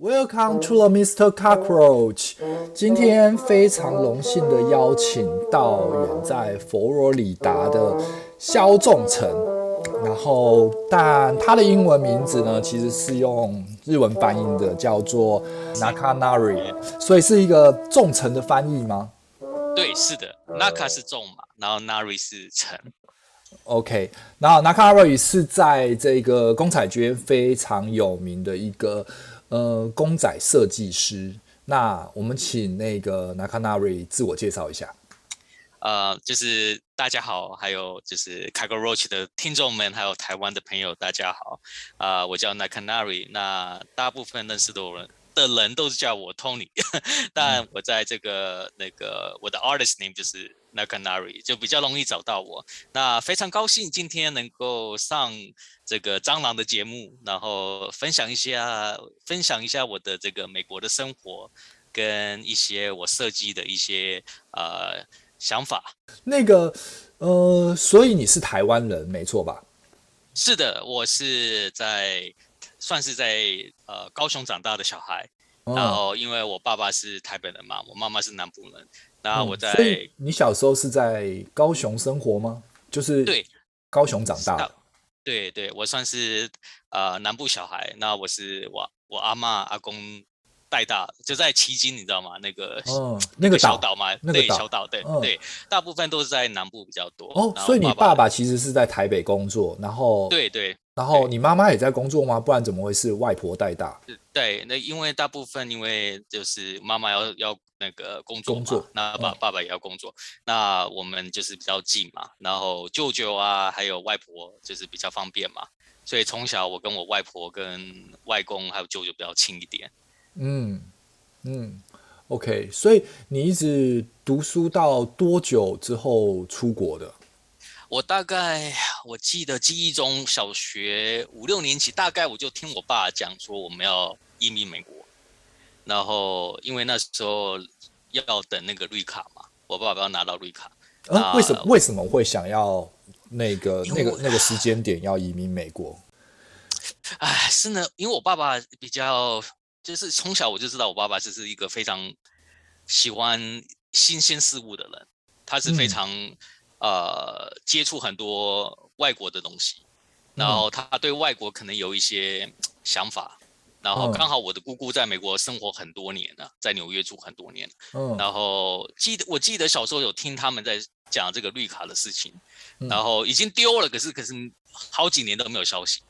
Welcome to the Mister Cockroach。今天非常榮幸的邀請到遠在佛羅里達的蕭仲成，然後但他的英文名字呢，其實是用。日文翻譯的叫做 Nakanari，所以是一個仲成的翻譯嗎？對，是的，Naka 是仲嘛，呃、然後 Nari 是成。OK，然後 Nakanari 是在這個公仔圈非常有名的一個呃公仔設計師。那我們請那個 Nakanari 自我介紹一下。呃、uh,，就是大家好，還有就是 Cockroach 的聽眾們，還有台灣的朋友，大家好。啊、uh,，我叫 Nakanari，那大部分認識的人的人都是叫我 Tony，但我在這個那個我的 artist name 就是 Nakanari，就比較容易找到我。那非常高興今天能夠上這個蟑螂的節目，然後分享一下分享一下我的這個美國的生活，跟一些我設計的一些呃。想法，那個，呃，所以你是台灣人，沒錯吧？是的，我是在算是在呃高雄長大的小孩，嗯，然後因為我爸爸是台北人嘛，我媽媽是南部人，那我在，嗯，你小時候是在高雄生活嗎？就是對，高雄長大的，對的對，對，我算是呃南部小孩，那我是我我阿嬤阿公，帶大就在旗津，你知道嗎？那個、嗯，那個小島嘛，那個島小島，對、嗯、對，大部分都是在南部比較多。哦爸爸，所以你爸爸其實是在台北工作，然後對對，然後你媽媽也在工作嗎？不然怎麼會是外婆帶大？對，那因為大部分因為就是媽媽要要那個工作嘛，作那爸爸爸也要工作，嗯，那我們就是比較近嘛，然後舅舅啊，還有外婆就是比較方便嘛，所以從小我跟我外婆，跟外公還有舅舅比較親一點。嗯嗯，OK，所以你一直讀書到多久之後出國的？我大概我記得記憶中小學五六年級，大概我就聽我爸講說我們要移民美國，然後因為那時候要等那個綠卡嘛，我爸爸要拿到綠卡。那、嗯、為什麼為什麼會想要那個那個那個時間點要移民美國？哎，是呢，因為我爸爸比較。就是從小我就知道我爸爸就是一個非常喜歡新鮮事物的人，他是非常呃接觸很多外國的東西，然後他對外國可能有一些想法，然後剛好我的姑姑在美國生活很多年了，在紐約住很多年，然後記得我記得小時候有聽他們在講這個綠卡的事情，然後已經丟了，可是可是好幾年都沒有消息。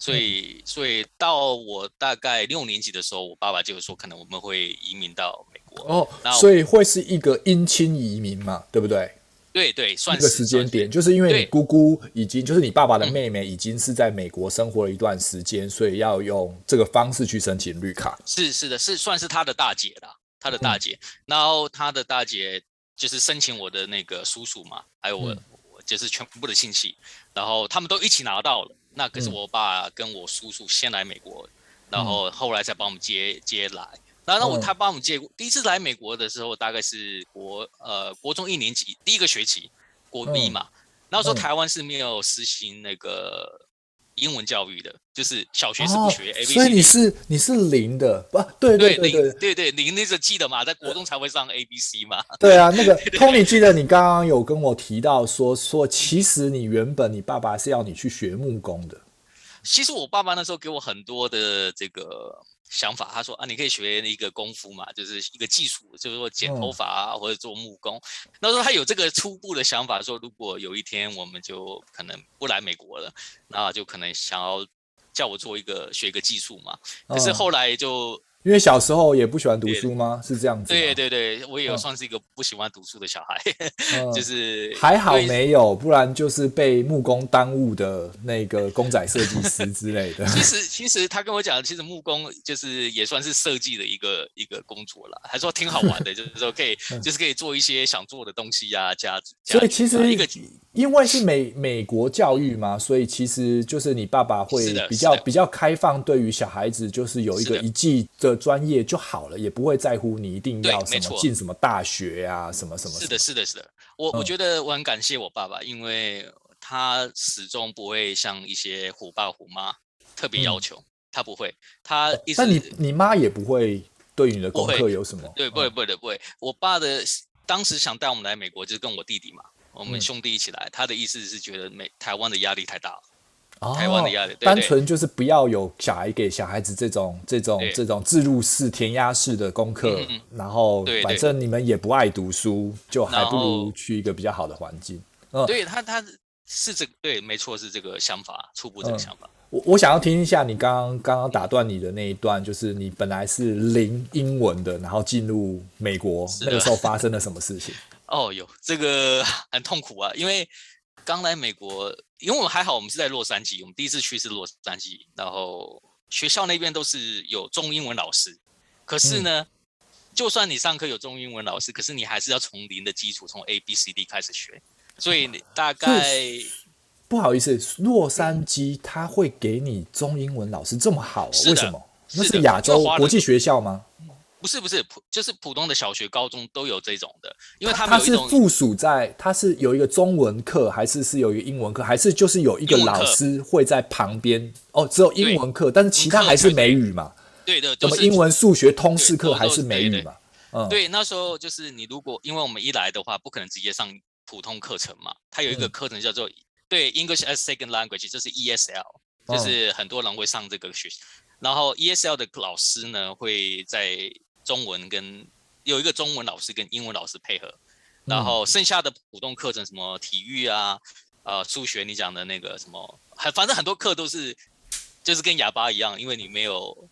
所以，所以到我大概六年級的時候，我爸爸就說，可能我們會移民到美國。哦，然後所以會是一個姻親移民嘛，對不對？對對，算是一個時間點，就是因為你姑姑已經，就是你爸爸的妹妹，已經是在美國生活了一段時間，嗯，所以要用這個方式去申請綠卡。是是的，是算是他的大姐啦，他的大姐，嗯。然後他的大姐就是申請我的那個叔叔嘛，還有我，嗯，我就是全部的信息，然後他們都一起拿到了。那可是我爸跟我叔叔先來美國，嗯、然後後來才幫我們接接來。那那我他幫我們接過、嗯，第一次來美國的時候大概是國呃國中一年級第一個學期，國幣嘛、嗯。那時候台灣是沒有實行那個。英文教育的，就是小學是不學 A B C，、哦、所以你是你是零的，不，對對對對對，零對對，零那個記得嗎，在國中才會上 A B C 嘛，對啊，那個 Tony 記得你剛剛有跟我提到說 說，其實你原本你爸爸是要你去學木工的。其實我爸爸那時候給我很多的這個想法，他說啊，你可以學一個功夫嘛，就是一個技術，就是說剪頭髮啊，或者做木工。那時候他有這個初步的想法說，說如果有一天我們就可能不來美國了，那就可能想要叫我做一個學一個技術嘛。可是後來就。因為小時候也不喜歡讀書嗎？對對對，是這樣子，對對對，我也有算是一個不喜歡讀書的小孩，嗯、 就是、嗯、還好沒有，不然就是被木工耽誤的那個公仔設計師之類的。 其實其實他跟我講，其實木工就是也算是設計的一個一個工作了，還說挺好玩的。 就是說可以就是可以做一些想做的東西呀，啊，家具所以其實一個因為是美 美國教育嘛，所以其實就是你爸爸會比較比較開放，對於小孩子就是有一個一技專業就好了，也不會在乎你一定要什麼進什麼大學啊，對，沒錯啊。什麼什麼。是的，是的，是的。我我覺得我很感謝我爸爸，嗯、因為他始終不會像一些虎爸虎媽特別要求、嗯，他不會，他那、哦、你你媽也不會對你的功課有什麼？對，不會，不會，不、嗯、會。我爸的當時想帶我們來美國，就是跟我弟弟嘛，我們兄弟一起來。嗯、他的意思是覺得美台灣的壓力太大了。哦、台灣的壓力，單純就是不要有小孩給小孩子這種、對對對這種、這種自入式、填鴨式的功課、嗯嗯嗯。然後，反正你們也不愛讀書，對對對，就還不如去一個比較好的環境。嗯、對他，他是這個，對，沒錯，是這個想法，初步這個想法。嗯、我我想要聽一下你剛剛剛剛打斷你的那一段，就是你本來是零英文的，然後進入美國，那個時候發生了什麼事情？ 哦，有這個很痛苦啊，因為。剛來美國，因為我們還好，我們是在洛杉磯。我們第一次去是洛杉磯，然後學校那邊都是有中英文老師。可是呢，嗯、就算你上課有中英文老師，可是你還是要從零的基礎，從 A B C D 開始學。所以你大概不好意思，洛杉磯他會給你中英文老師這麼好哦，為什麼？那是亞洲國際學校嗎？不是不是普，就是普通的小學、高中都有這種的，因為他們是附屬在，它是有一個中文課，還是是有一個英文課，還是就是有一個老師會在旁邊哦，只有英文課，但是其他還是美語嘛？對的，什麼英文、數學、通識課還是美語嘛，對、就是嗯，對對對，嗯？對，那時候就是你如果因為我們一來的話，不可能直接上普通課程嘛，它有一個課程叫做、嗯、對 English as Second Language，就是 ESL，就是很多人會上這個學習、哦。然後 ESL 的老師呢會在。中文跟有一個中文老師跟英文老師配合，然後剩下的普通課程什麼體育啊，呃數學你講的那個什麼，很反正很多課都是就是跟啞巴一樣，因為你沒有。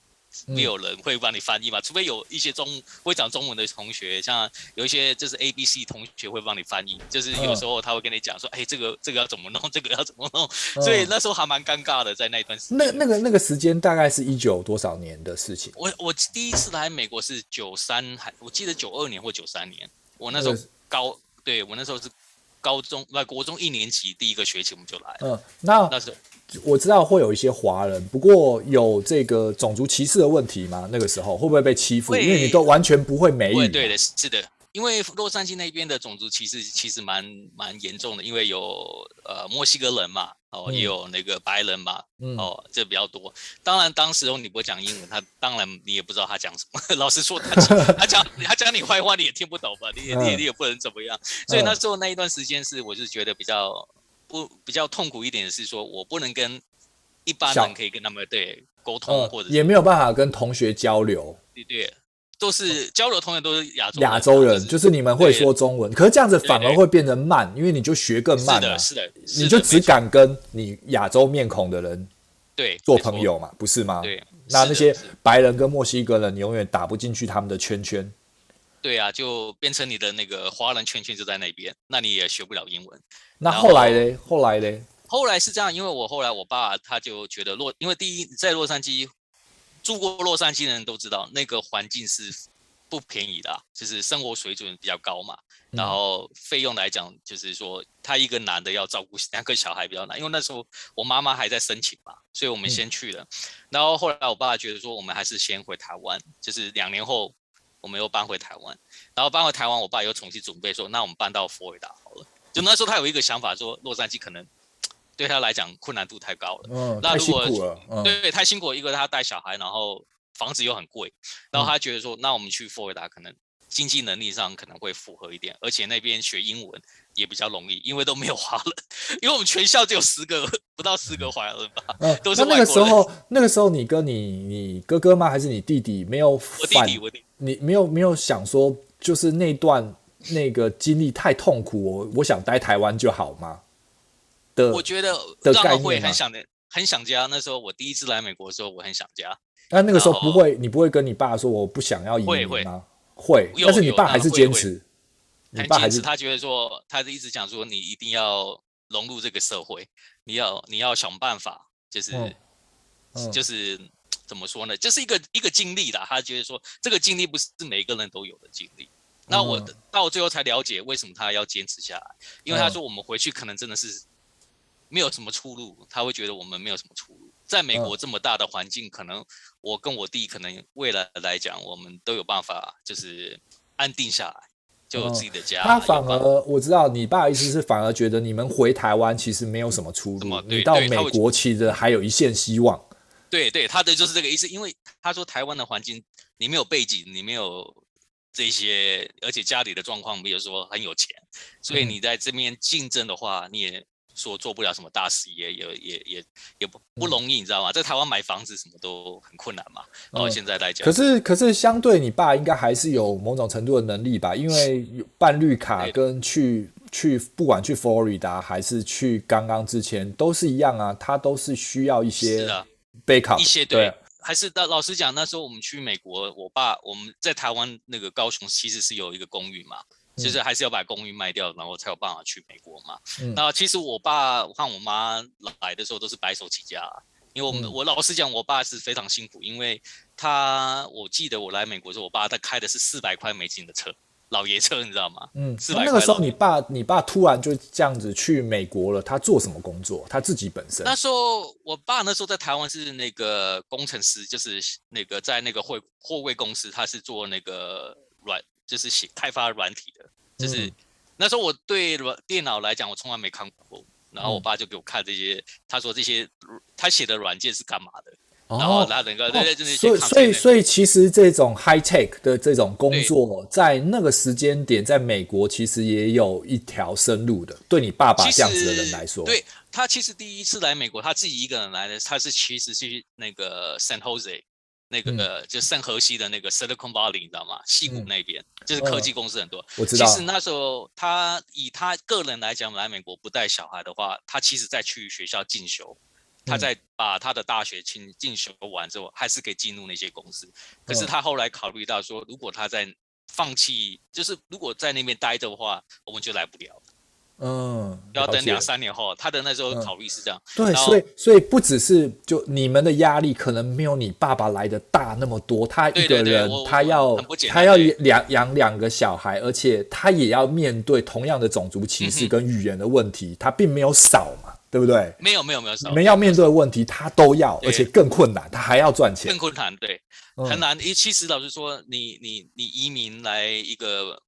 嗯、沒有人會幫你翻譯嘛？除非有一些中會講中文的同學，像有一些就是 A B C 同學會幫你翻譯。就是有時候他會跟你講說：“嗯、哎，這個這個要怎麼弄？這個要怎麼弄？”嗯、所以那時候還蠻尷尬的，在那一段時間。那個、那個那個時間大概是一九多少年的事情？我我第一次來美國是九三，還我記得九二年或九三年。我那時候高，就是、對我那時候是高中那國中一年級第一個學期我們就來了。嗯，那那時候。我知道會有一些華人，不過有這個種族歧視的問題嗎？那個時候會不會被欺負？因為你都完全不會美語，對。對的，是的。因為洛杉磯那邊的種族歧視其實蠻蠻嚴重的，因為有呃墨西哥人嘛，哦、嗯、也有那個白人嘛，嗯、哦這比較多。當然當時候你不會講英文，他當然你也不知道他講什麼。老實說，他講， 他，講他講你壞話，你也聽不懂吧？你也、嗯、你也不能怎麼樣。所以他說那一段時間是，我就覺得比較。不比較痛苦一點的是，說我不能跟一般人可以跟他們對溝通，或者、嗯、也沒有辦法跟同學交流，對對，對，都是交流同學都是亞洲亞洲人，亞洲人、就是，就是你們會說中文，對對對，可是這樣子反而會變得慢。對對對，因為你就學更慢了，是的，你就只敢跟你亞洲面孔的人對做朋友嘛，不是嗎？對，那那些白人跟墨西哥人，你永遠打不進去他們的圈圈。對啊，就變成你的那個華人圈圈就在那邊，那你也學不了英文。那後來呢？後來呢？後來是這樣，因為我後來我爸他就覺得洛，因為第一在洛杉磯住過洛杉磯的人都知道，那個環境是不便宜的，就是生活水準比較高嘛。然後費用來講，就是說他一個男的要照顧兩個小孩比較難，因為那時候我媽媽還在申請嘛，所以我們先去了。嗯。然後後來我爸覺得說，我們還是先回台灣，就是兩年後。我們又搬回台灣，然後搬回台灣，我爸又重新準備說：“那我們搬到佛羅里達好了。”就那時候他有一個想法說，說洛杉磯可能對他來講困難度太高了。嗯，那如果太辛、嗯、對，太辛苦了，一個他帶小孩，然後房子又很貴，然後他覺得說：“嗯、那我們去佛羅里達可能經濟能力上可能會符合一點，而且那邊學英文也比較容易，因為都沒有華人，因為我們全校只有十個不到十個華人吧。嗯”嗯、呃，那那個時候，那個時候你跟你你哥哥嗎？還是你弟弟？沒有，我弟弟。我弟弟你沒有沒有想說，就是那段那個經歷太痛苦，我我想待台灣就好嗎？的，我覺得大概會，很想的，很想家。那時候我第一次來美國的時候，我很想家。但、啊、那個時候不會，你不會跟你爸說我不想要移民嗎？會。會會但是你爸還是堅持。你爸還是還他覺得說，他是一直想說，你一定要融入這個社會，你要你要想辦法，就是就是。嗯嗯怎麼說呢？就是一個一個經歷啦。他覺得說這個經歷不是每個人都有的經歷、嗯。那我到最後才了解為什麼他要堅持下來，因為他說我們回去可能真的是沒有什麼出路，嗯、他會覺得我們沒有什麼出路。在美國這麼大的環境，嗯、可能我跟我弟可能未來來講，我們都有辦法就是安定下來，就有自己的家、嗯。他反而，我知道你爸的意思是反而覺得你們回台灣其實沒有什麼出路，對對，你到美國其實還有一線希望。對對，他的就是這個意思，因為他說台灣的環境，你沒有背景，你沒有這些，而且家裡的狀況沒有說很有錢，所以你在這邊競爭的話，你也說做不了什麼大事業，也也也也不不容易，你知道嗎、嗯？在台灣買房子什麼都很困難嘛，然後、嗯、現在來講。可是可是，相對你爸應該還是有某種程度的能力吧？因為有辦綠卡跟去去不管去佛羅里達還是去剛剛之前都是一樣啊，他都是需要一些。備考一些對，對，還是那老實講，那時候我們去美國，我爸我們在台灣那個高雄其實是有一個公寓嘛，其、嗯、實、就是、還是要把公寓賣掉，然後才有辦法去美國嘛。嗯、那其實我爸我看我媽來的時候都是白手起家、啊，因為我們、嗯、我老實講，我爸是非常辛苦，因為他我記得我來美國的時候，我爸他開的是四百塊美金的車。老爺車，你知道嗎？嗯，是。那個時候，你爸，你爸突然就這樣子去美國了。他做什麼工作？他自己本身？那時候，我爸那時候在台灣是那個工程師，就是那個在那個貨貨櫃公司，他是做那個軟，就是寫開發軟體的。就是、嗯、那時候我對軟電腦來講，我從來沒看過。然後我爸就給我看這些，嗯、他說這些他寫的軟件是幹嘛的。然後他整個在在在所以所以所以，所以所以其實這種 high tech 的這種工作，在那個時間點，在美國其實也有一條生路的。對你爸爸這樣子的人來說，對他其實第一次來美國，他自己一個人來的，他是其實是那個 San Jose 那個、嗯呃、就聖荷西的那個 Silicon Valley 你知道嗎？矽谷那邊、嗯、就是科技公司很多、呃。我知道。其實那時候他以他個人來講，來美國不帶小孩的話，他其實在去學校進修。他在把他的大學進進修完之後，還是可以進入那些公司。可是他後來考慮到說，如果他在放棄，就是如果在那邊待着的話，我們就來不了。嗯，要等兩三年後。他的那時候考慮是這樣對對對對，嗯對嗯。對，所以所以不只是就你們的壓力可能沒有你爸爸來得大那麼多。他一個人，他要他要兩養兩個小孩，而且他也要面對同樣的種族歧視跟語言的問題。他並沒有少嘛。對不對？沒有沒有沒有，你們要面對的問題，他都要，而且更困難，他還要賺錢。更困難，對，很難。因為，嗯，其實老實說，你你你移民來一個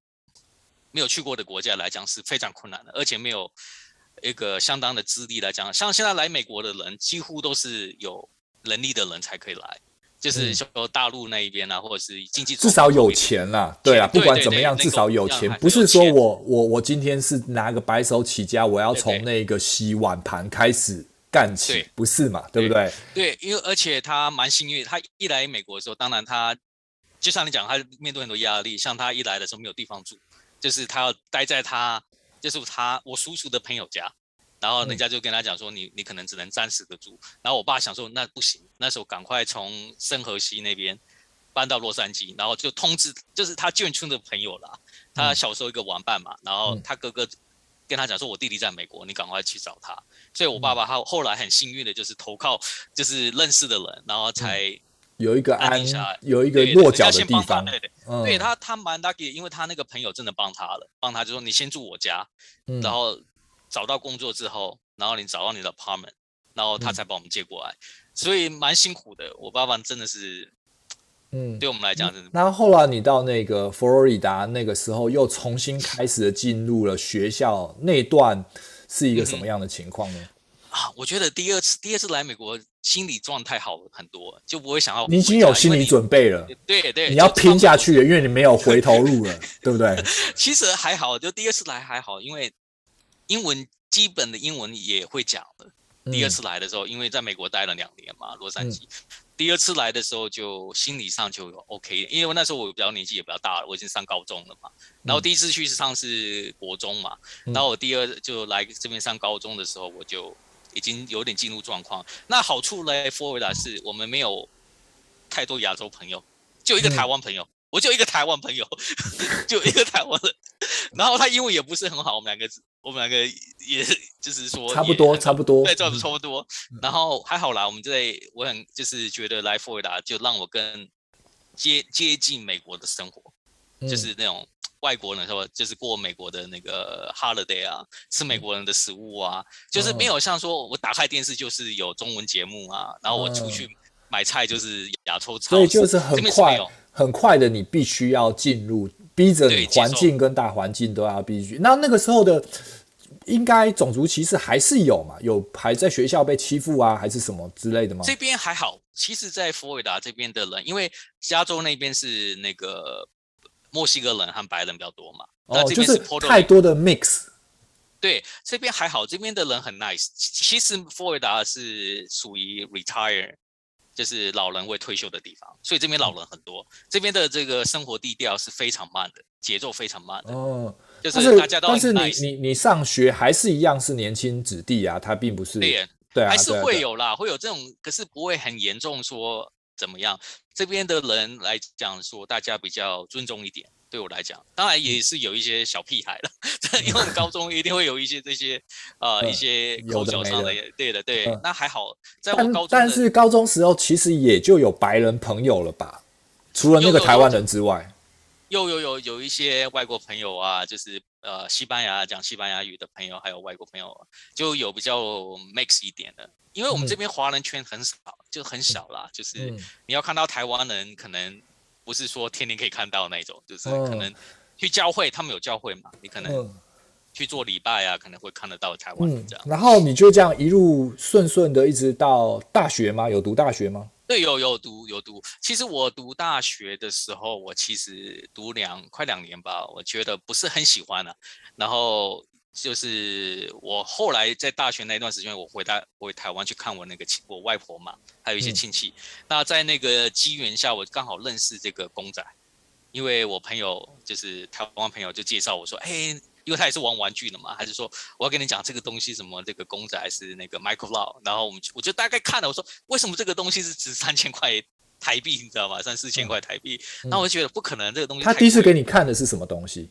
沒有去過的國家來講是非常困難的，而且沒有一個相當的資歷來講，像現在來美國的人，幾乎都是有能力的人才可以來。就是說大陸那一邊啊、嗯，或者是經濟至少有錢、啊、啦，對啊，不管怎麼樣，對對對，至少有錢、那個、有錢，不是說我我我今天是拿個白手起家，我要從那個洗碗盤開始幹起對對對，不是嘛對對對？對不對？對，因為而且他蠻幸運，他一來美國的時候，當然他就像你講，他面對很多壓力，像他一來的時候沒有地方住，就是他要待在他，就是他我叔叔的朋友家。然後人家就跟他講說你，你、嗯、你可能只能暫時的住。然後我爸想說，那不行，那時候趕快從聖荷西那邊搬到洛杉磯。然後就通知，就是他眷村的朋友啦，他小時候一個玩伴嘛。嗯、然後他哥哥跟他講說，我弟弟在美國，你趕快去找他。嗯、所以我爸爸他後來很幸運的就是投靠，就是認識的人、嗯，然後才有一個安一下有一個落腳的地方。對，對，對、嗯、他對對、嗯、對對他，他蠻 lucky，因為他那個朋友真的幫他了，幫他就說你先住我家，嗯、然後。找到工作之後，然後你找到你的 apartment，然後他才把我們接過來，嗯、所以蠻辛苦的。我爸爸真的是，嗯，對我們來講，真的。那、嗯、後，後來你到那個佛羅里達，那個時候又重新開始的進入了學校，那段是一個什麼樣的情況呢、嗯嗯？啊，我覺得第二次第二次來美國，心理狀態好很多，就不會想要你已經有心理準備了。對對，你要拼下去了，因為你沒有回頭路了， 對不對？其實還好，就第二次來還好，因為。英文基本的英文也會講的，嗯。第二次來的時候，因為在美國待了兩年嘛，洛杉磯。嗯、第二次來的時候就心理上就有 OK，因為那時候我比較年紀也比較大了，我已經上高中了嘛。嗯、然後第一次去是上是國中嘛，嗯，然後我第二就來這邊上高中的時候，我就已經有點進入狀況。嗯，那好處咧，佛羅里達是我們沒有太多亞洲朋友，就一個台灣朋友，嗯，我就一個台灣朋友， 就一個台灣人。 然後他英文也不是很好，我們兩個字。我們兩個，也就是說，差不多，差不多，對 差不多差不多，嗯。然後還好啦，我們這裡我很就是覺得來佛羅里達就讓我更接接近美國的生活，嗯，就是那種外國人說就是過美國的那個 holiday 啊，吃美國人的食物啊、嗯，就是沒有像說我打開電視就是有中文節目啊，嗯、然後我出去買菜就是亞洲超市，嗯、就是很快，很快的，你必須要進入。逼着你，環境跟大環境都要逼着。那那個時候的，應該種族歧視還是有嘛？有還在學校被欺負啊，還是什麼之類的嗎？這邊還好，其實在佛羅里達這邊的人，因為加州那邊是那個墨西哥人和白人比較多嘛。哦，就是太多的 mix。對，這邊還好，這邊的人很 nice。其實佛羅里達是屬於 retire。就是老人會退休的地方，所以這邊老人很多。嗯、這邊的這個生活步調是非常慢的，節奏非常慢的。哦，就是大家都很、nice、但是你你你上學還是一樣是年輕子弟啊，他並不是對，對、啊、還是會有啦、啊啊啊，會有這種，可是不會很嚴重說怎麼樣。這邊的人來講說，大家比較尊重一點。對我來講，當然也是有一些小屁孩了，因為高中一定會有一些這些 呃一些口角上的、嗯、有的沒的，對的對。嗯、那還好，在我高中。但是高中時候其實也就有白人朋友了吧？除了那個台灣人之外又有，又有有有一些外國朋友啊，就是呃西班牙講西班牙語的朋友，還有外國朋友、啊，就有比較 mix 一點的。因為我們這邊華人圈很少、嗯，就很小啦。就是你要看到台灣人可能。不是說天天可以看到那種，就是可能去教會，嗯，他們有教會嘛，你可能去做禮拜啊，可能會看得到台灣這樣，嗯。然後你就這樣一路順順的一直到大學嗎？有讀大學嗎？對，有有讀有讀。其實我讀大學的時候，我其實讀兩快兩年吧，我覺得不是很喜歡了，啊，然後。就是我後來在大學那一段時間，我回台回台灣去看我那個親，我外婆嘛，還有一些親戚、嗯。那在那個機緣下，我剛好認識這個公仔，因為我朋友就是台灣朋友就介紹我說，哎、欸，因為他也是玩玩具的嘛，還是說我要跟你講這個東西，什麼這個公仔還是那個 Michael Lau 然後我們就我就大概看了，我說為什麼這個東西是值三千塊台幣，你知道嗎？三四千塊台幣，那、嗯、我就覺得不可能這個東西。他第一次給你看的是什麼東西？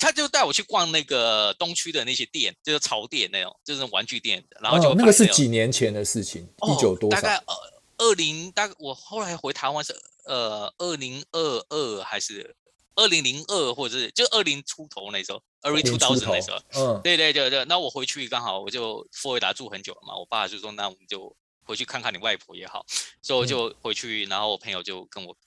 他就帶我去逛那個東區的那些店，就是潮店那種，就是玩具店。然後就、嗯、那個是幾年前的事情，一九多、哦，大概二二零，呃、20，大概我後來回台灣是呃二零二二還是二零零二，或者是就二零出頭那時候，二零出頭那時候。嗯，對對對、嗯、對，對，對。那我回去剛好，我就佛羅里達住很久了嘛。我爸就說，那我們就回去看看你外婆也好。所以我就回去，然後我朋友就跟我。嗯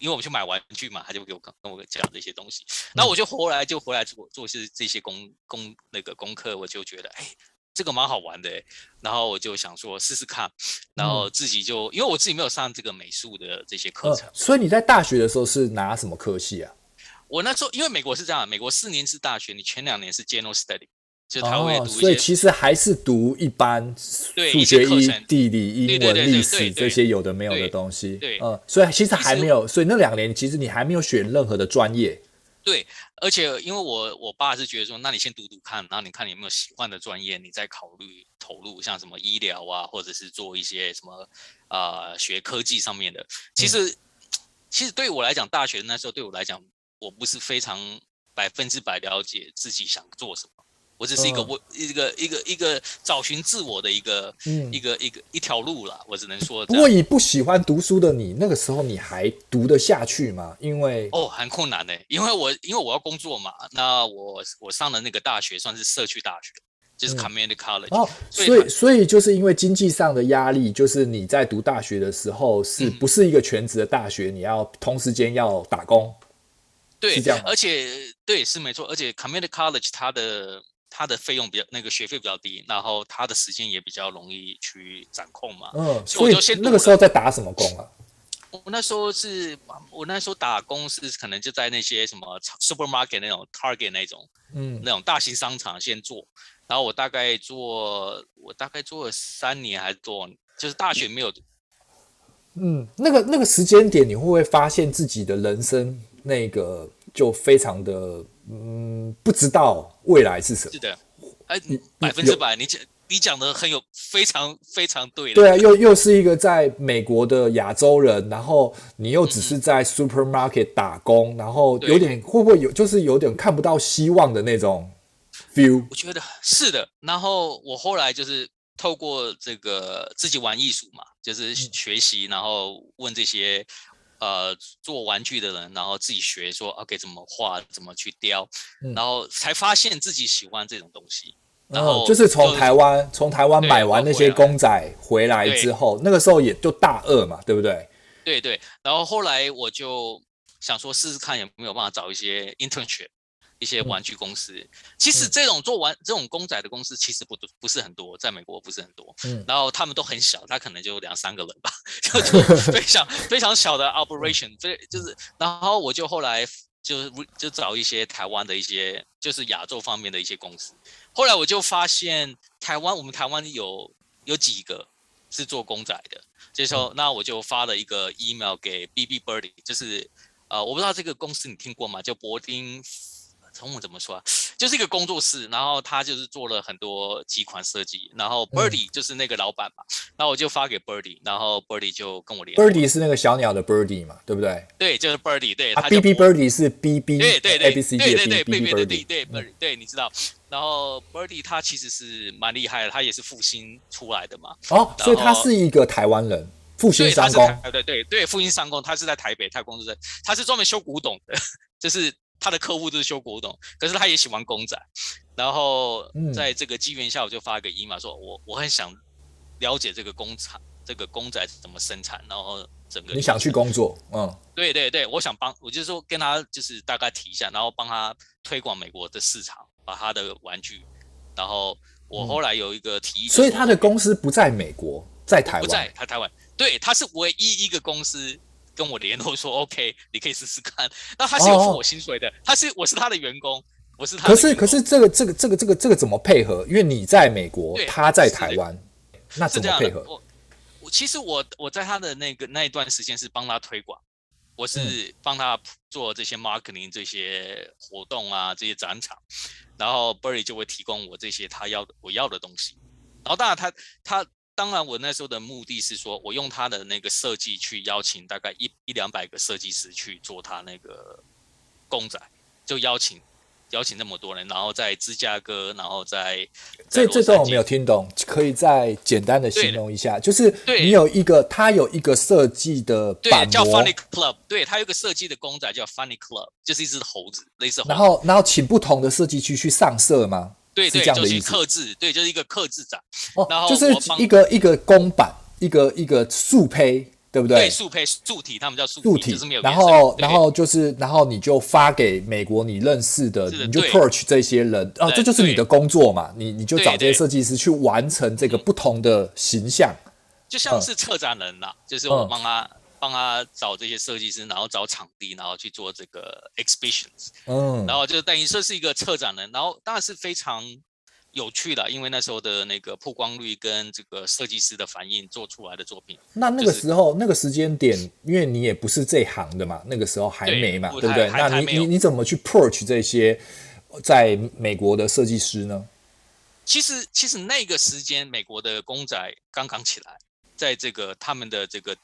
因為我去買玩具嘛，他就給我跟我講這些東西，那我就回來就回來做做些這些功功那個功課，我就覺得哎、欸，這個蠻好玩的、欸，然後我就想說試試看，然後自己就因為我自己沒有上這個美術的這些課程、啊，所以你在大學的時候是拿什麼科系啊？我那時候因為美國是這樣，美國四年制大學，你前兩年是 general study。就他會讀哦，所以其實還是讀一般數學一、一些課程、地理、英文、歷史，對對對，這些有的沒有的東西，嗯對對對、呃，所以其實還沒有，所以那兩年其實你還沒有選任何的專業。對，而且因為我我爸是覺得說，那你先讀讀看，然後你看你有沒有喜歡的專業，你再考慮投入，像什麼醫療啊，或者是做一些什麼啊、呃、學科技上面的。其實，嗯、其實對我來講，大學那時候對我來講，我不是非常百分之百了解自己想做什麼。我只是一個我一個一個一個找尋自我的一個一個一個一條路了，我只能說、嗯。如果你不喜歡讀書的你，那個時候你還讀得下去嗎？因為哦，很困難呢、欸，因為我因為我要工作嘛，那我我上了那個大學算是社區大學，就是 Community College，嗯、哦。所以所以就是因為經濟上的壓力，就是你在讀大學的時候是不是一個全職的大學、嗯？你要同時間要打工，對，是這樣。而且對，是沒錯。而且 Community College 它的他的費用比較那個學費比較低，然後他的時間也比較容易去掌控嘛。嗯，所以就先，那個時候在打什麼工啊？我那時候是我那時候打工是可能就在那些什麼 supermarket 那種 target 那種，嗯，那種大型商場先做。然後我大概做，我大概做了三年還是做，就是大學沒有。嗯，那個那個時間點，你會不會發現自己的人生那個就非常的？嗯，不知道未來是什麼。是的，哎、欸，你百分之百，你講你講的很有，非常非常對的。對啊，又又是一個在美國的亞洲人，然後你又只是在 supermarket 打工，嗯、然後有點會不會有，就是有點看不到希望的那種 feel。我覺得是的。然後我後來就是透過這個自己玩藝術嘛，就是學習，嗯、然後問這些。呃，做玩具的人，然後自己學說啊，給怎麼畫，怎麼去雕、嗯，然後才發現自己喜歡這種東西。嗯、然後、就是、就是從台灣，從台灣買完那些公仔回來，回來之後，那個時候也就大二嘛對，對不對？對對。然後後來我就想說，試試看有沒有辦法找一些 internship。一些玩具公司，嗯、其實這種做玩這種公仔的公司其實不多，嗯，不是很多，在美國不是很多，嗯，然後他們都很小，他可能就兩三個人吧， 就非常 非常小的 operation，這就是，然後我就後來就就找一些台灣的一些就是亞洲方面的一些公司，後來我就發現台灣我們台灣有有幾個是做公仔的，這時候那我就發了一個 email 給 B.B.Birdy，就是呃我不知道這個公司你聽過嗎？叫伯丁。寵武怎麼說啊？就是一個工作室，然後他就是做了很多幾款設計，然後 Birdy 就是那個老闆嘛，然後我就發給 Birdy，然後 Birdy 就跟我聯繫。Birdy 是那個小鳥的 Birdy 嘛，對不對？對，就是 Birdy，對 B B Birdy 是 B B，對對對，A B C D 對 B B Birdy，對 Birdy，對，你知道。然後 Birdy 他其實是蠻厲害的，他也是復興出來的嘛。哦，所以他是一個台灣人，復興商工，對對對，復興商工，他是在台北，他有工作室，他是專門修古董的，就是。他的客戶都是修古董，可是他也喜歡公仔。然後在這個機緣下，我就發一個 email 說，嗯、我我很想了解這個工廠、這個公仔怎麼生產，然後整個你想去工作？嗯，對對對，我想幫，我就是說跟他就是大概提一下，然後幫他推廣美國的市場，把他的玩具。然後我後來有一個提議、嗯，所以他的公司不在美國，在台灣。不在他台灣，對，他是唯一一個公司。跟我聯絡說 OK，你可以試試看。那他是有付我薪水的，哦哦他是我是他的員工，我是他的。可是可是這個這個這個這個這個怎麼配合？因為你在美國，他在台灣，那怎麼配合？我，我其實我我在他的那個那一段時間是幫他推廣，我是幫他做這些 marketing、嗯、這些活動啊這些展場，然後 Burry 就會提供我這些他要我要的東西，然後當然他他。他當然，我那時候的目的是說，我用他的那個設計去邀請大概一一兩百個設計師去做他那個公仔，就邀請邀請那麼多人，然後在芝加哥，然後在。在所以這這時候我沒有聽懂，可以再簡單的形容一下。對，就是你有一個，他有一個設計的板模，對，叫 Funny Club，對，他有一個設計的公仔叫 Funny Club，就是一隻猴子，類似猴子。然後，然後請不同的設計師去上色嗎？對，對，是這樣克、就是、製，對，就是一個客製展。哦，然後就是一個一個公版，一個，一個，一，個一個素胚，對不對，對？素胚、素體，他們叫素體。素體然後，然後就是，然後你就發給美國你認識的，的你就 approach 這些人。哦、啊，這就是你的工作嘛？你你就找這些設計師去完成這個不同的形象，嗯、就像是策展人啦、啊嗯，就是我幫他。幫他找這些設計師，然後找場地，然後去做這個 exhibitions，嗯，然後就是等於說是一個策展人，然後當然是非常有趣的，因為那時候的那個曝光率跟這個設計師的反應做出來的作品、就是。那那個時候那個時間點，因為你也不是這行的嘛，那個時候還沒嘛，對，對不對？還那你還沒有你你怎麼去 approach 這些在美國的設計師呢？其實其實那個時間，美國的公仔剛剛起來，在這個他們的這個。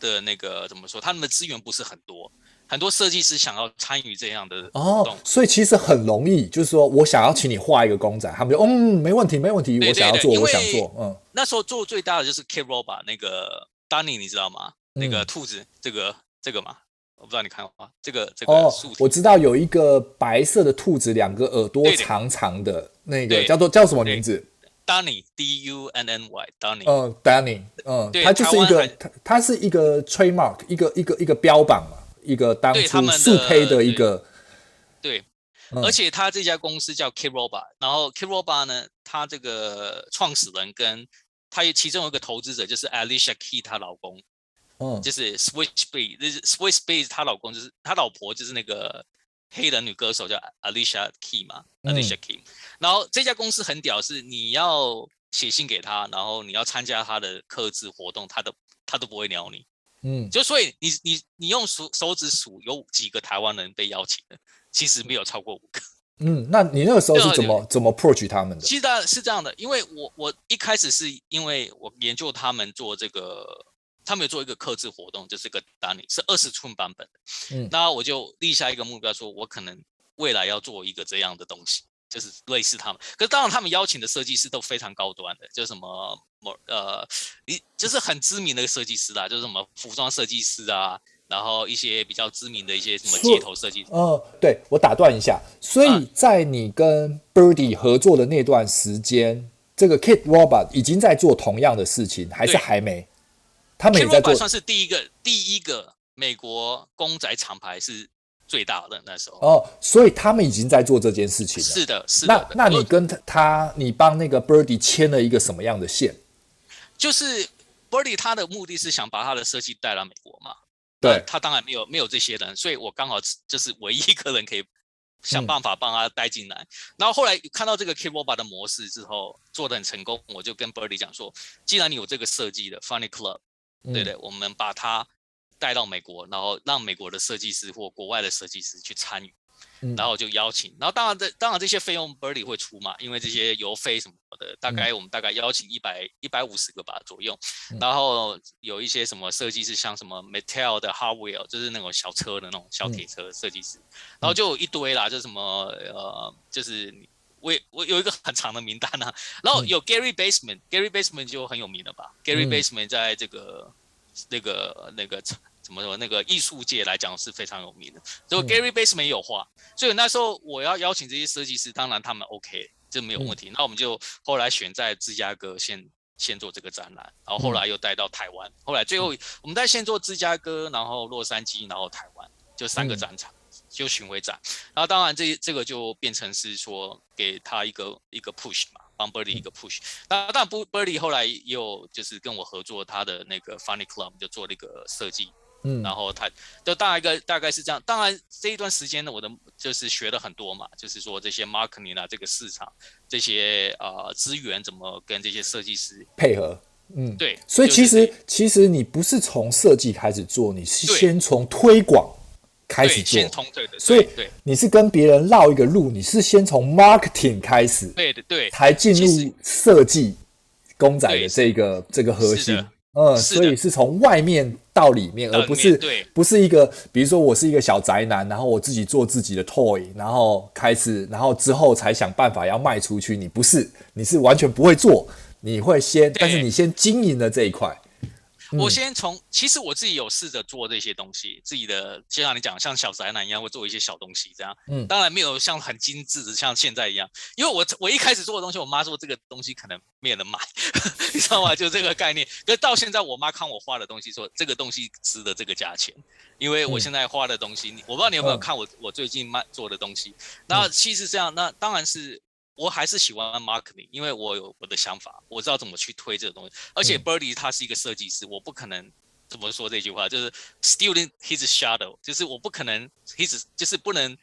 的那個怎麼說？他們的資源不是很多，很多設計師想要參與這樣的哦，所以其實很容易，就是說我想要請你畫一個公仔，嗯、他們就嗯，沒問題，沒問題，對對對，我想要做，我想做，嗯。那時候做最大的就是 Kidrobot 那個 Dunny，你知道嗎？那個兔子，嗯、這個這個嘛，我不知道你看過嗎、啊？這個這個、哦、我知道有一個白色的兔子，兩個耳朵長長的，對對對，那個叫做叫什麼名字？對對對 Dunny D U N N Y，Dunny。哦、uh, Dunny 嗯、uh,，他就是一個他他是一個 trademark，一個一個一個，一個標榜嘛，一個當初四 K 的一個。對，對，對、嗯，而且他這家公司叫 Kidrobot，然後 Kidrobot 呢，他這個創始人跟他其中有一個投資者就是 Alicia Keys，她老公，哦、嗯，就是 Swizz Beatz，Swizz Beatz 她老公就是她老婆就是那個。黑人女歌手叫 Alicia Key 嗎、嗯？Alicia Key，然後這家公司很屌，是你要寫信給他，然後你要參加他的客製活動，他都、都不會鳥你。嗯，就所以你你你用數手指數有幾個台灣人被邀請的，其實沒有超過五個。嗯，那你那個時候是怎麼、啊、怎麼 approach 他們的？其實是這樣的，因為我我一開始是因為我研究他們做這個。他們做一個客製活動，就是一個 Dunny 是二十寸版本的，嗯，那我就立下一個目標說，說我可能未來要做一個這樣的東西，就是類似他們。可是當然，他們邀請的設計師都非常高端的，就是什麼呃，你就是很知名的設計師啦、啊，就是什麼服裝設計師啊，然後一些比較知名的一些什麼街頭設計師。嗯、呃，對，我打斷一下，所以在你跟 Birdy 合作的那段時間、啊，這個 Kidrobot 已經在做同樣的事情，還是還沒？他 Kidrobot 算是，第一個，第一個美國公仔廠牌，是最大的那時候哦，所以他們已經在做這件事情了。是的，是的。那，那你跟他他，你幫那個 Birdy 牽了一個什麼樣的線？就是 Birdy 他的目的是想把他的設計帶到美國嘛。對。他當然沒有沒有這些人，所以我剛好就是唯一一個人可以想辦法幫他帶進來，嗯。然後後來看到這個 Kidrobot 的模式之後，做的很成功，我就跟 Birdy 講說，既然你有這個設計的 Funny Club。對對、嗯，我們把他帶到美國，然後讓美國的設計師或國外的設計師去參與，嗯、然後就邀請。然後當然這當然這些費用 Birdy 會出嘛，因為這些郵費什麼的，嗯、大概我們大概邀請一百一百五十個吧左右、嗯，然後有一些什麼設計師，像什麼 Mattel 的 Hardware，就是那種小車的那種小鐵車的設計師，嗯、然後就有一堆啦，就什麼呃，就是你。我我有一個很長的名單呢、啊，然後有 Gary Baseman，Gary Baseman 就很有名了吧？Gary Baseman 在這個那個那個怎麼說？那個藝術界來講是非常有名的。就 Gary Baseman 有畫，所以那時候我要邀請這些設計師，當然他們 OK，這沒有問題。那我們就後來選在芝加哥先先做這個展覽，然後後來又帶到台灣，後來最後我們在先做芝加哥，然後洛杉磯，然後台灣，就三個展場。 就巡迴展，然後當然這這個就變成是說給他一個一個 push 嘛，幫 Birdy 一個 push。那但 Birdy 後來又就是跟我合作，他的那個 Funny Club 就做了一個設計，嗯，然後他就大概一個大概是這樣。當然這一段時間呢，我的就是學了很多嘛，就是說這些 marketing 啊，這個市場這些呃資源怎麼跟這些設計師配合，嗯，對，所以其實、就是、其實你不是從設計開始做，你是先從推廣開始做，所以你是跟別人繞一個路，你是先從 marketing 開始，對對對，才進入設計公仔的這個這個核心，嗯，所以是從外面到裡面，而不是不是一個，比如說我是一個小宅男，然後我自己做自己的 toy，然後開始，然後之後才想辦法要賣出去。你不是，你是完全不會做，你會先，但是你先經營了這一塊。我先從，其實我自己有試着做這些東西，自己的就像你講，像小宅男一樣，會做一些小東西這樣。嗯，當然沒有像很精緻的，像現在一樣。因為我我一開始做的東西，我媽說這個東西可能沒有人買， 你知道嗎？就這個概念。可是到現在，我媽看我畫的東西說，說這個東西值得這個價錢。因為我現在畫的東西、嗯，我不知道你有沒有看我、哦、我最近賣做的東西。那其實這樣，那當然是。我還是喜歡 marketing，因為我有我的想法，我知道怎麼去推這個東西。而且 Birdy 他是一個設計師，嗯、我不可能怎麼說這句話，就是 student his shadow，就是我不可能，his 就是不能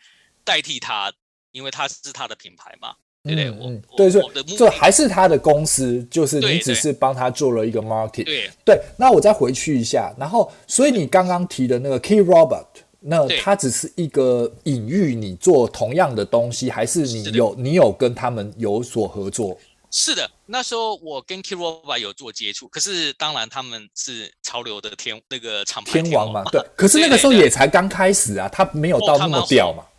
代替他，因為他是他的品牌嘛，對不對？我、嗯我，嗯、對我，對我的目的就還是他的公司，就是你只是幫他做了一個 market 對對，對，那我再回去一下，然後所以你剛剛提的那個 Kidrobot 那他只是一個隱喻，你做同樣的東西，還是你有是你有跟他們有所合作？是的，那時候我跟 kidrobot 有做接觸，可是當然他們是潮流的天那個廠牌天王嘛。對，可是那個時候也才剛開始啊，他沒有到那麼屌嘛、喔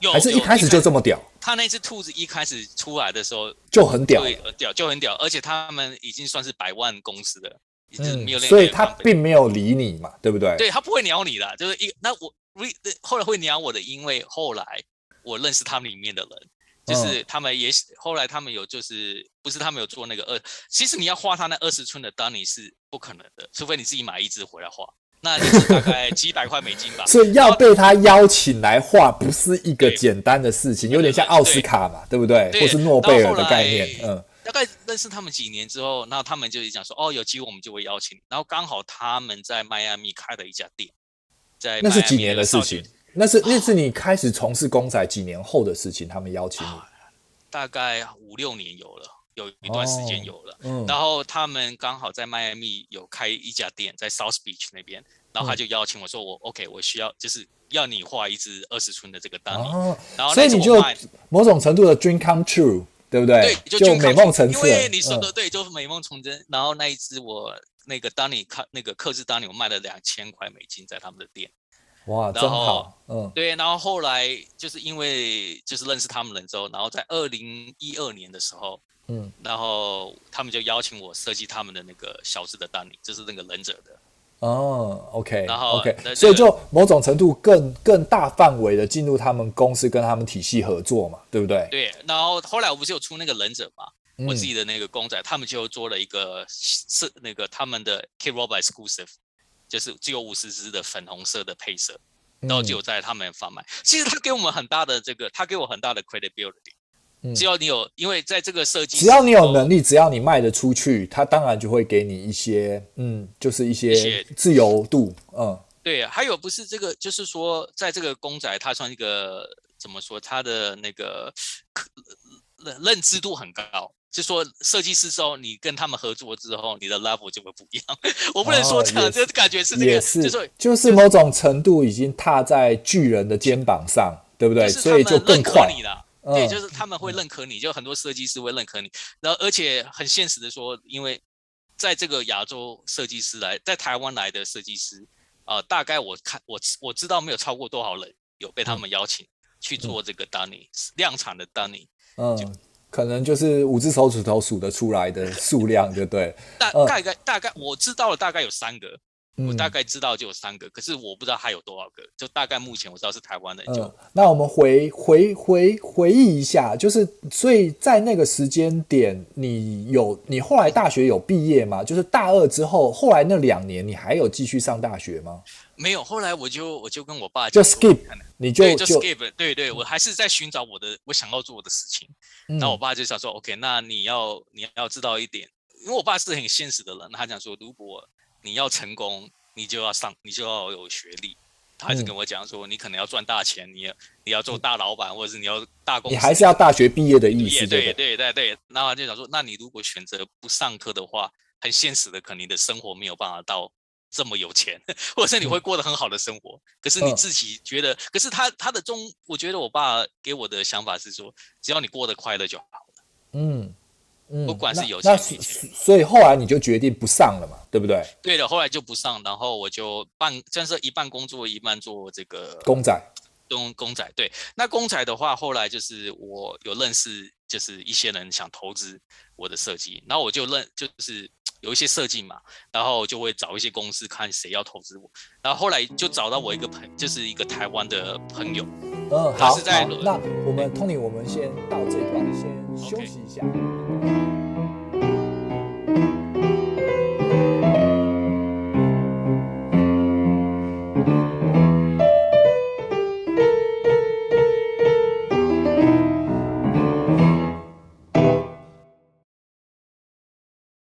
屌，還是一開始就這麼屌？他那隻兔子一開始出來的時候就很屌，對很屌就很屌，而且他們已經算是百萬公司、嗯、沒有那個的，所以，他並沒有理你嘛，對不對？對，他不會鳥你的，就是一那我。後來會聊我的，因為後來我認識他們裡面的人，嗯、就是他們也後來他們有就是不是他們有做那個二，其實你要畫他那二十寸的 Dunny 是不可能的，除非你自己買一只回來畫，那就大概幾百塊美金吧。 所以要被他邀請來畫不是一個簡單的事情，有點像奧斯卡嘛，對，對，對不對，對？或是諾貝爾的概念後後，嗯。大概認識他們幾年之後，那他們就是講說，哦，有機會我們就會邀請。然後剛好他們在邁阿密開了一家店。在那是幾年的事情？那是那是你開始從事公仔幾年後的事情，啊、他們邀請你？大概五六年有了，有一段時間有了，哦嗯，然後他們剛好在邁阿密有開一家店，在 South Beach 那邊，然後他就邀請我說我 OK，嗯、我需要，我需要就是要你畫一隻二十寸的這個蛋哦，然後那所以你就某種程度的 dream come true，對不對？啊、對，就，true, 就美夢成真，因為你說的對，嗯、就是美夢成真。然後那一隻我。那個丹尼克那個客製丹尼，我賣了兩千塊美金在他們的店。哇，真好。嗯，對，然後後來就是因為就是認識他們人之後，然後在二零一二年的時候，嗯，然後他們就邀請我設計他們的那個小字的丹尼，就是那個忍者的。哦，OK，然後 OK，所以就某種程度更更大範圍的進入他們公司跟他們體系合作嘛，對不對？對，然後後來我不是有出那個忍者嘛。我自己的那個公仔，嗯、他們就做了一個是那個他們的 Kidrobot Exclusive，就是只有五十隻的粉紅色的配色，然後就在他們販賣，嗯。其實他給我們很大的這個，他給我很大的 credibility，嗯。只要你有，因為在這個設計，只要你有能力，只要你賣得出去，他當然就會給你一些，嗯，就是一些自由度，嗯，對、啊。還有不是這個，就是說在這個公仔，它算一個怎麼說，它的那個認認知度很高。就說設計師之後你跟他們合作之後，你的 level 就會不一樣、哦。 我不能說這樣，感覺是這個，是就是就是某種程度已經踏在巨人的肩膀上，對不對？所以就更快了。對，就是他們會認可你，嗯、就很多設計師會認可你。然後而且很現實的說，因為在這個亞洲設計師來，在台灣來的設計師啊、呃，大概我看我我知道沒有超過多少人有被他們邀請去做這個 Dunny、嗯、量產的 Dunny 嗯。可能就是五隻手指頭數得出來的數量，對不對？大概、嗯、大概、大概，我知道了，大概有三個。我大概知道就有三個、嗯，可是我不知道還有多少個，就大概目前我知道是台灣的，就、嗯。那我們回回回回憶一下，就是所以在那個時間點，你有你後來大學有畢業嗎？就是大二之後，後來那兩年你還有繼續上大學嗎？沒有，後來我就我就跟我爸就 skip，你就就 skip，就對，對對，我還是在尋找我的我想要做我的事情。那、嗯、我爸就想說，OK，那你要你要知道一點，因為我爸是很現實的人，那他講說如果。你要成功，你就要上，你就要有學歷。他還是跟我講說、嗯，你可能要賺大錢，你要你要做大老闆、嗯，或者是你要大公你還是要大學畢業的意思，業，對對對對。那他就講說，那你如果選擇不上課的話，很現實的，可能你的生活沒有辦法到這麼有錢，或者是你會過得很好的生活。嗯、可是你自己覺得，嗯、可是他他的中，我覺得我爸給我的想法是說，只要你過得快樂就好了。嗯。嗯、不管是有錢，所以後來你就決定不上了嘛，對不對？對的，後來就不上，然後我就半，這樣是一半工作，一半做這個公仔，用公，公仔。對，那公仔的話，後來就是我有認識，就是一些人想投資我的設計，然後我就認，就是有一些設計嘛，然後就會找一些公司看誰要投資我，然後後來就找到我一個朋，就是一個台灣的朋友，嗯、哦，好，好，那我們 Tony，我們先到這段，先休息一下。Okay.